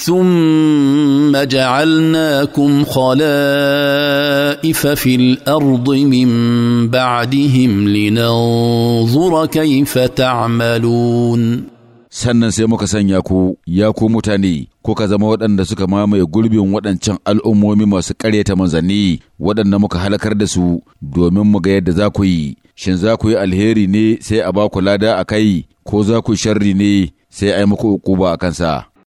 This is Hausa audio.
ثم جعلناكم خلائف في الارض من بعدهم لننظر كيف تعملون sannan sai muka sanya ku ya ku mutane kuka zama waɗanda suka mamaye gurbin waɗancan al'ummomi masu ƙaryata manzanni waɗanda muka halakar da su domin mu ga yadda za ku yi shin za ku yi alheri ne sai a ba ku lada a kai ko za ku sharri ne sai a yi muku ba a kansa